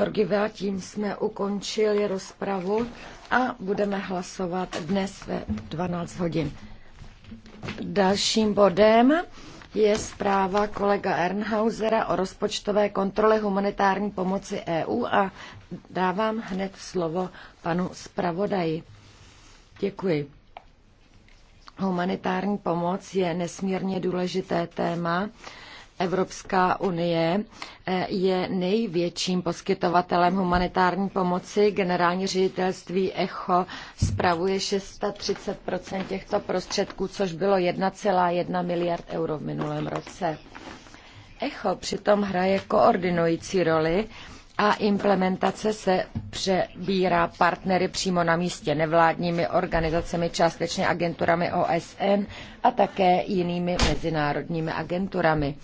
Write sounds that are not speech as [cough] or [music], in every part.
Georgieva, tím jsme ukončili rozpravu a budeme hlasovat dnes ve 12 hodin. Dalším bodem je zpráva kolega Ernhausera o rozpočtové kontrole humanitární pomoci EU a dávám hned slovo panu zpravodaji. Děkuji. Humanitární pomoc je nesmírně důležité téma Evropská unie eh, je největším poskytovatelem humanitární pomoci. Generální ředitelství ECHO spravuje 630 těchto prostředků, což bylo 1,1 miliard euro v minulém roce. ECHO přitom hraje koordinující roli a implementace se přebírá partnery přímo na místě, nevládními organizacemi, částečně agenturami OSN a také jinými mezinárodními agenturami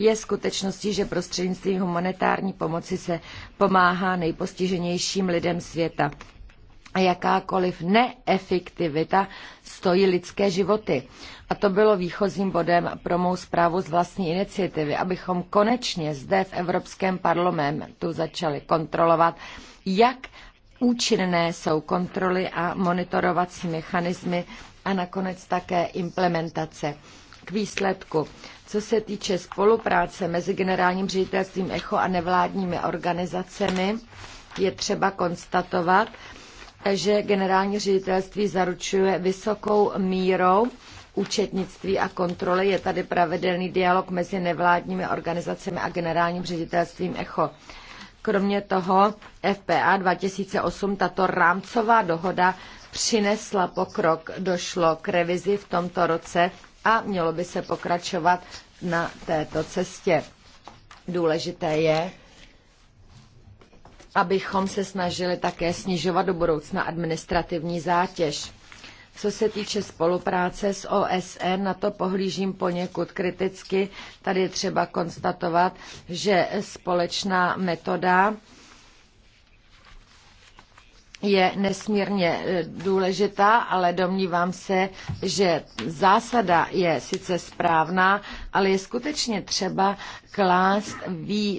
je skutečností, že prostřednictvím humanitární pomoci se pomáhá nejpostiženějším lidem světa. A jakákoliv neefektivita stojí lidské životy. A to bylo výchozím bodem pro mou zprávu z vlastní iniciativy, abychom konečně zde v Evropském parlamentu začali kontrolovat, jak účinné jsou kontroly a monitorovací mechanismy a nakonec také implementace. K výsledku co se týče spolupráce mezi generálním ředitelstvím ECHO a nevládními organizacemi, je třeba konstatovat, že generální ředitelství zaručuje vysokou mírou účetnictví a kontroly. Je tady pravidelný dialog mezi nevládními organizacemi a generálním ředitelstvím ECHO. Kromě toho FPA 2008, tato rámcová dohoda přinesla pokrok, došlo k revizi v tomto roce a mělo by se pokračovat na této cestě. Důležité je, abychom se snažili také snižovat do budoucna administrativní zátěž. Co se týče spolupráce s OSN, na to pohlížím poněkud kriticky. Tady je třeba konstatovat, že společná metoda je nesmírně eh, důležitá, ale domnívám se, že zásada je sice správná, ale je skutečně třeba klást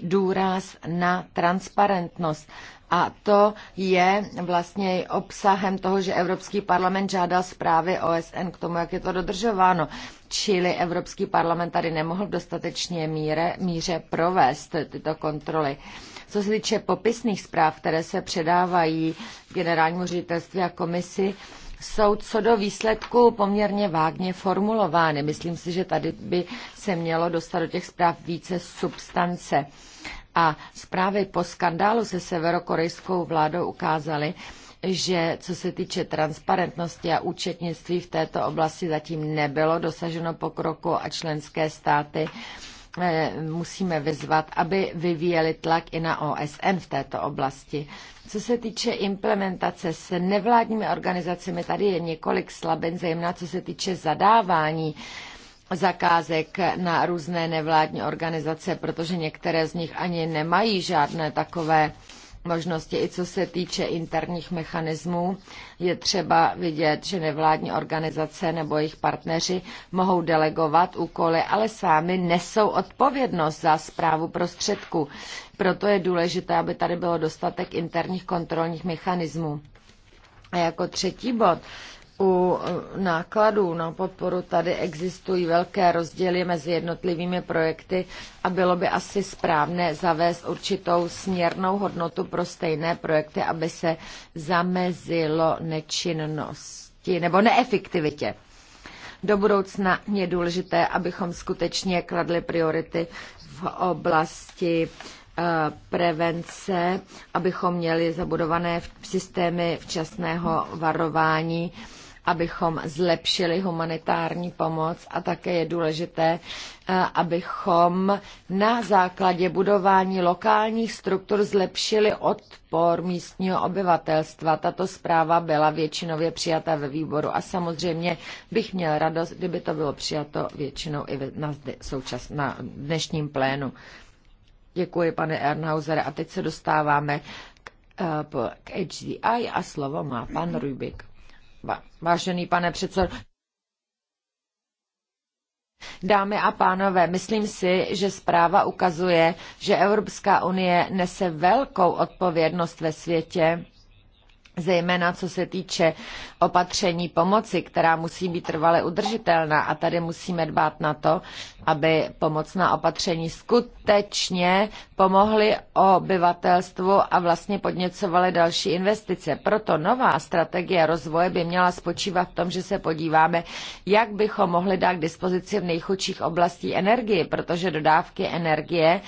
důraz na transparentnost. A to je vlastně obsahem toho, že Evropský parlament žádá zprávy OSN k tomu, jak je to dodržováno. Čili Evropský parlament tady nemohl v dostatečné míře, míře provést tyto kontroly. Co se týče popisných zpráv, které se předávají generálnímu ředitelství a komisi jsou co do výsledku poměrně vágně formulovány. Myslím si, že tady by se mělo dostat do těch zpráv více substance. A zprávy po skandálu se severokorejskou vládou ukázaly, že co se týče transparentnosti a účetnictví v této oblasti zatím nebylo dosaženo pokroku a členské státy eh, musíme vyzvat, aby vyvíjeli tlak i na OSN v této oblasti. Co se týče implementace s nevládními organizacemi, tady je několik slabin, zejména co se týče zadávání zakázek na různé nevládní organizace, protože některé z nich ani nemají žádné takové možnosti. I co se týče interních mechanismů, je třeba vidět, že nevládní organizace nebo jejich partneři mohou delegovat úkoly, ale sami nesou odpovědnost za zprávu prostředků. Proto je důležité, aby tady bylo dostatek interních kontrolních mechanismů. A jako třetí bod u nákladů na podporu tady existují velké rozdíly mezi jednotlivými projekty a bylo by asi správné zavést určitou směrnou hodnotu pro stejné projekty, aby se zamezilo nečinnosti nebo neefektivitě. Do budoucna je důležité, abychom skutečně kladli priority v oblasti eh, prevence, abychom měli zabudované systémy včasného varování abychom zlepšili humanitární pomoc a také je důležité, eh, abychom na základě budování lokálních struktur zlepšili odpor místního obyvatelstva. Tato zpráva byla většinově přijata ve výboru a samozřejmě bych měl radost, kdyby to bylo přijato většinou i na, součas, na dnešním plénu. Děkuji, pane Ernhauser. A teď se dostáváme k, eh, k HDI a slovo má pan Rubik. Vážený pane předsedo, Dámy a pánové, myslím si, že zpráva ukazuje, že Evropská unie nese velkou odpovědnost ve světě zejména co se týče opatření pomoci, která musí být trvale udržitelná a tady musíme dbát na to, aby pomocná opatření skutečně pomohly obyvatelstvu a vlastně podněcovaly další investice. Proto nová strategie rozvoje by měla spočívat v tom, že se podíváme, jak bychom mohli dát k dispozici v nejchudších oblastí energii, protože dodávky energie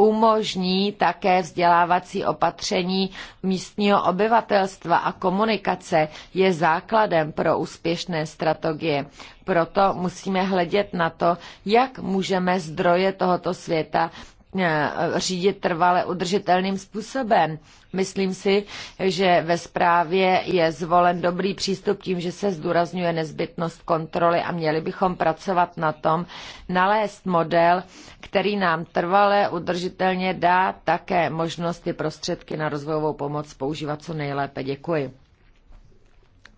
umožní také vzdělávací opatření místního obyvatelstva a komunikace je základem pro úspěšné strategie. Proto musíme hledět na to, jak můžeme zdroje tohoto světa Eh, řídit trvale udržitelným způsobem. Myslím si, že ve zprávě je zvolen dobrý přístup tím, že se zdůrazňuje nezbytnost kontroly a měli bychom pracovat na tom, nalézt model, který nám trvale udržitelně dá také možnosti prostředky na rozvojovou pomoc používat co nejlépe. Děkuji.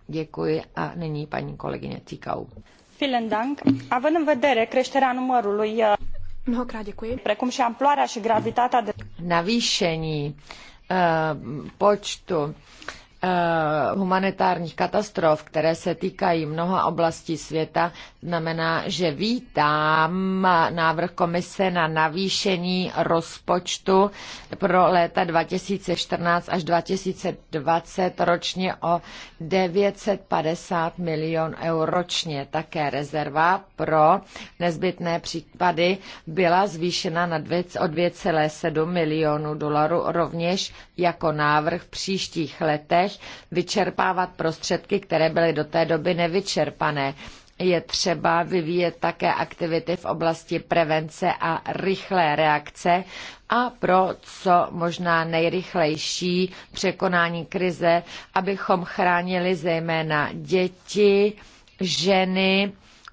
Děkuji a nyní paní kolegyně Cikau. Vielen Dank. Având în vedere creșterea numărului Mnohokrát děkuji. Precum și gravitatea de... Navýšení eh, počtu Eh, humanitárních katastrof, které se týkají mnoha oblastí světa, znamená, že vítám návrh komise na navýšení rozpočtu pro léta 2014 až 2020 ročně o 950 milion eur ročně. Také rezerva pro nezbytné případy byla zvýšena na 2, o 2,7 milionů dolarů rovněž jako návrh v příštích letech letech vyčerpávat prostředky, které byly do té doby nevyčerpané. Je třeba vyvíjet také aktivity v oblasti prevence a rychlé reakce a pro co možná nejrychlejší překonání krize, abychom chránili zejména děti, ženy,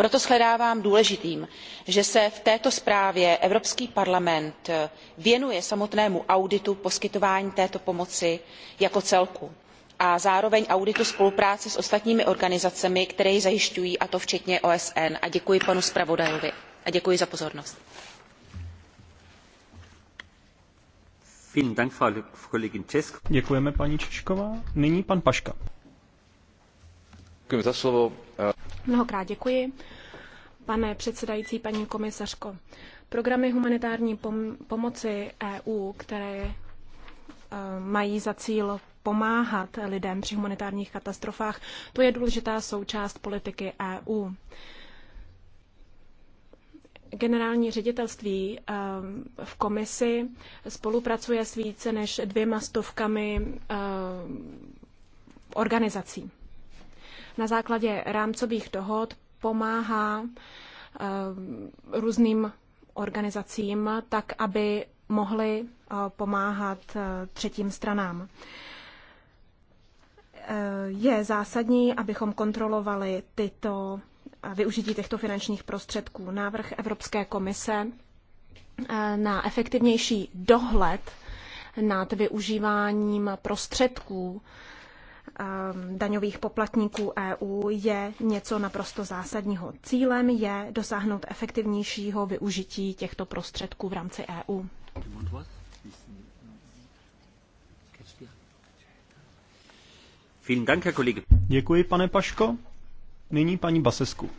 proto shledávám důležitým že se v této zprávě evropský parlament věnuje samotnému auditu poskytování této pomoci jako celku a zároveň auditu spolupráce s ostatními organizacemi které ji zajišťují a to včetně osn a děkuji panu zpravodajovi a děkuji za pozornost. Děkujeme paní Češková. Nyní pan Paška. za slovo Mnohokrát děkuji. Pane předsedající, paní komisařko, programy humanitární pom- pomoci EU, které e, mají za cíl pomáhat lidem při humanitárních katastrofách, to je důležitá součást politiky EU. Generální ředitelství e, v komisi spolupracuje s více než dvěma stovkami e, organizací na základě rámcových dohod pomáhá eh, různým organizacím tak, aby mohly eh, pomáhat eh, třetím stranám. Je zásadní, abychom kontrolovali tyto využití těchto finančních prostředků. Návrh Evropské komise na efektivnější dohled nad využíváním prostředků Um, daňových poplatníků EU je něco naprosto zásadního. Cílem je dosáhnout efektivnějšího využití těchto prostředků v rámci EU. Děkuji, pane Paško. Nyní paní Basesku.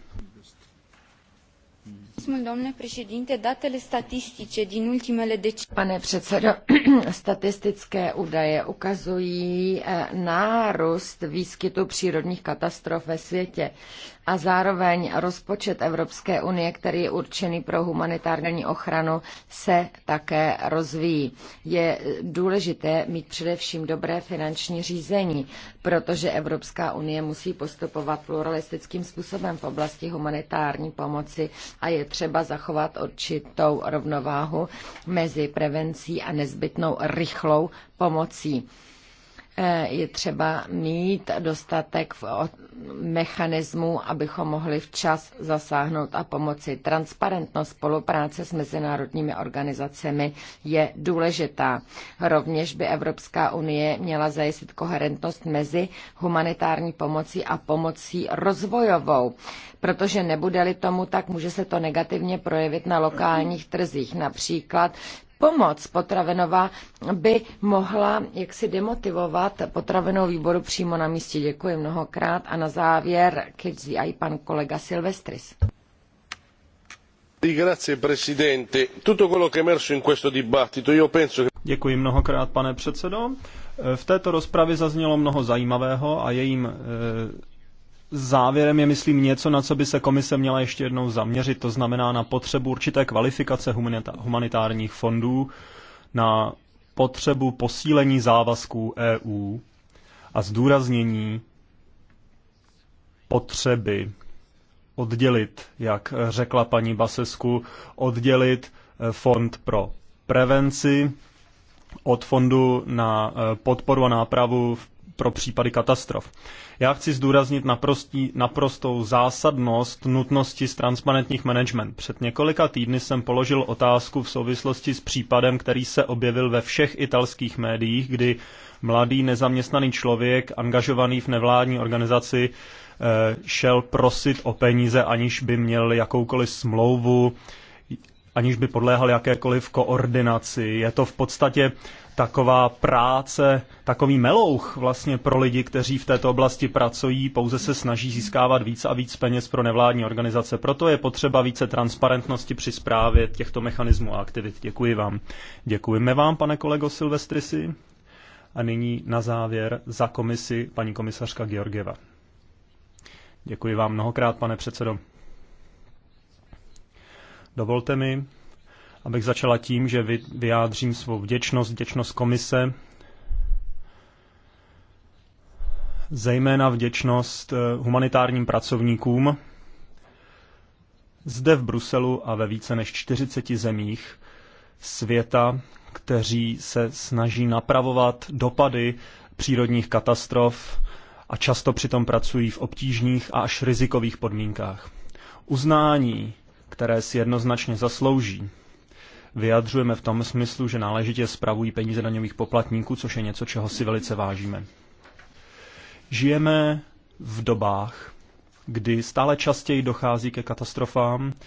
Pane předsedo, [clears throat] statistické údaje ukazují eh, nárůst výskytu přírodních katastrof ve světě a zároveň rozpočet Evropské unie, který je určený pro humanitární ochranu, se také rozvíjí. Je důležité mít především dobré finanční řízení, protože Evropská unie musí postupovat pluralistickým způsobem v oblasti humanitární pomoci a je třeba zachovat určitou rovnováhu mezi prevencí a nezbytnou rychlou pomocí Eh, je třeba mít dostatek mechanismů, abychom mohli včas zasáhnout a pomoci. Transparentnost spolupráce s mezinárodními organizacemi je důležitá. Rovněž by Evropská unie měla zajistit koherentnost mezi humanitární pomocí a pomocí rozvojovou, protože nebude-li tomu tak, může se to negativně projevit na lokálních trzích, například pomoc potravenová by mohla jaksi demotivovat potravenou výboru přímo na místě. Děkuji mnohokrát a na závěr KZI i pan kolega Silvestris. Děkuji mnohokrát, pane předsedo. V této rozpravě zaznělo mnoho zajímavého a jejím eh, závěrem je, myslím, něco, na co by se komise měla ještě jednou zaměřit, to znamená na potřebu určité kvalifikace humanitárních fondů, na potřebu posílení závazků EU a zdůraznění potřeby oddělit, jak řekla paní Basesku, oddělit eh, fond pro prevenci od fondu na eh, podporu a nápravu v pro případy katastrof. Já chci zdůraznit naprostí, naprostou zásadnost nutnosti z transparentních management. Před několika týdny jsem položil otázku v souvislosti s případem, který se objevil ve všech italských médiích, kdy mladý nezaměstnaný člověk, angažovaný v nevládní organizaci, eh, šel prosit o peníze, aniž by měl jakoukoliv smlouvu, aniž by podléhal jakékoliv koordinaci. Je to v podstatě taková práce, takový melouch vlastně pro lidi, kteří v této oblasti pracují, pouze se snaží získávat víc a víc peněz pro nevládní organizace. Proto je potřeba více transparentnosti při zprávě těchto mechanismů a aktivit. Děkuji vám. Děkujeme vám, pane kolego Silvestrisi. A nyní na závěr za komisi paní komisařka Georgieva. Děkuji vám mnohokrát, pane předsedo. Dovolte mi, abych začala tím, že vyjádřím svou vděčnost, vděčnost komise, zejména vděčnost eh, humanitárním pracovníkům zde v Bruselu a ve více než 40 zemích světa, kteří se snaží napravovat dopady přírodních katastrof a často přitom pracují v obtížných a až rizikových podmínkách. Uznání které si jednoznačně zaslouží. Vyjadřujeme v tom smyslu, že náležitě spravují peníze daňových poplatníků, což je něco, čeho si velice vážíme. Žijeme v dobách, kdy stále častěji dochází ke katastrofám, eh,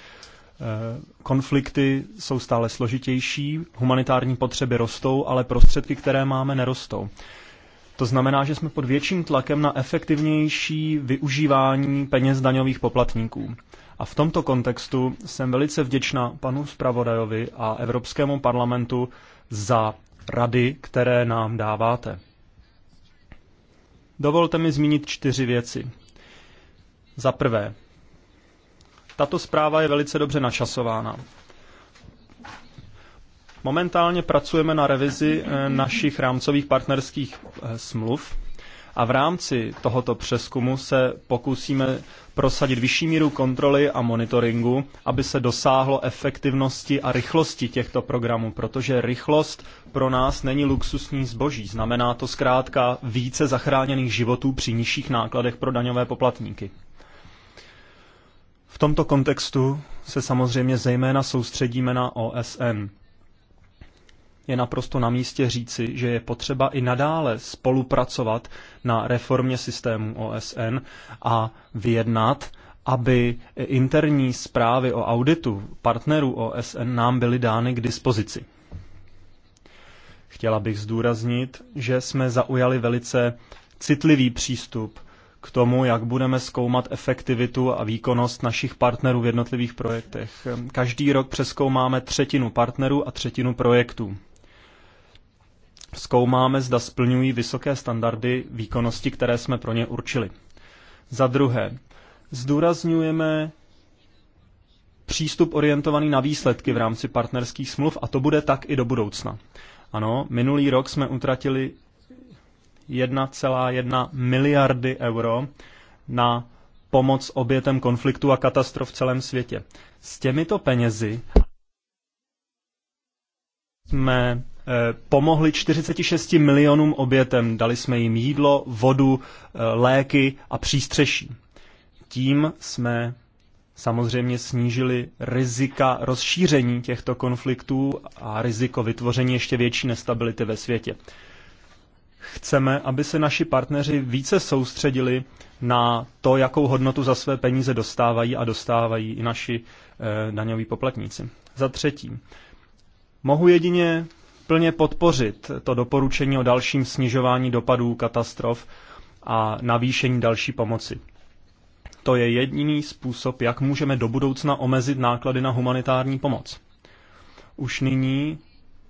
konflikty jsou stále složitější, humanitární potřeby rostou, ale prostředky, které máme, nerostou. To znamená, že jsme pod větším tlakem na efektivnější využívání peněz daňových poplatníků. A v tomto kontextu jsem velice vděčná panu zpravodajovi a Evropskému parlamentu za rady, které nám dáváte. Dovolte mi zmínit čtyři věci. Za prvé, tato zpráva je velice dobře načasována. Momentálně pracujeme na revizi eh, našich rámcových partnerských eh, smluv a v rámci tohoto přeskumu se pokusíme prosadit vyšší míru kontroly a monitoringu, aby se dosáhlo efektivnosti a rychlosti těchto programů, protože rychlost pro nás není luxusní zboží. Znamená to zkrátka více zachráněných životů při nižších nákladech pro daňové poplatníky. V tomto kontextu se samozřejmě zejména soustředíme na OSN je naprosto na místě říci, že je potřeba i nadále spolupracovat na reformě systému OSN a vyjednat, aby interní zprávy o auditu partnerů OSN nám byly dány k dispozici. Chtěla bych zdůraznit, že jsme zaujali velice citlivý přístup k tomu, jak budeme zkoumat efektivitu a výkonnost našich partnerů v jednotlivých projektech. Každý rok přeskoumáme třetinu partnerů a třetinu projektů zkoumáme, zda splňují vysoké standardy výkonnosti, které jsme pro ně určili. Za druhé, zdůrazňujeme přístup orientovaný na výsledky v rámci partnerských smluv a to bude tak i do budoucna. Ano, minulý rok jsme utratili 1,1 miliardy euro na pomoc obětem konfliktu a katastrof v celém světě. S těmito penězi jsme Eh, pomohli 46 milionům obětem. Dali jsme jim jídlo, vodu, eh, léky a přístřeší. Tím jsme samozřejmě snížili rizika rozšíření těchto konfliktů a riziko vytvoření ještě větší nestability ve světě. Chceme, aby se naši partneři více soustředili na to, jakou hodnotu za své peníze dostávají a dostávají i naši e, daňoví poplatníci. Za třetí, mohu jedině plně podpořit to doporučení o dalším snižování dopadů katastrof a navýšení další pomoci. To je jediný způsob, jak můžeme do budoucna omezit náklady na humanitární pomoc. Už nyní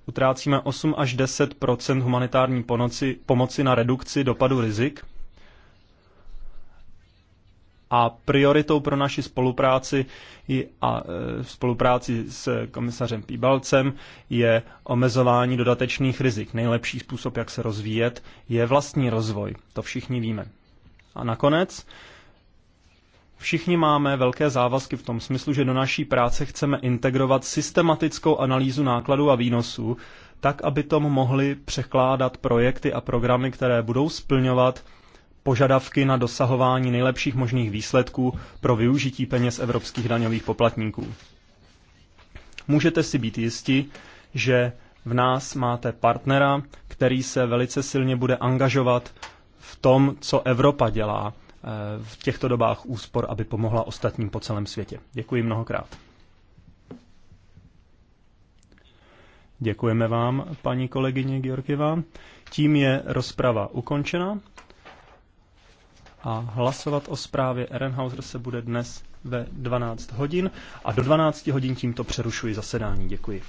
utrácíme 8 až 10 humanitární pomoci, pomoci na redukci dopadu rizik a prioritou pro naši spolupráci a e, spolupráci s komisařem Píbalcem je omezování dodatečných rizik. Nejlepší způsob, jak se rozvíjet, je vlastní rozvoj. To všichni víme. A nakonec, Všichni máme velké závazky v tom smyslu, že do naší práce chceme integrovat systematickou analýzu nákladů a výnosů, tak aby tomu mohli překládat projekty a programy, které budou splňovat požadavky na dosahování nejlepších možných výsledků pro využití peněz evropských daňových poplatníků. Můžete si být jisti, že v nás máte partnera, který se velice silně bude angažovat v tom, co Evropa dělá eh, v těchto dobách úspor, aby pomohla ostatním po celém světě. Děkuji mnohokrát. Děkujeme vám, paní kolegyně Georgieva. Tím je rozprava ukončena a hlasovat o zprávě Ehrenhauser se bude dnes ve 12 hodin a do 12 hodin tímto přerušuji zasedání. Děkuji.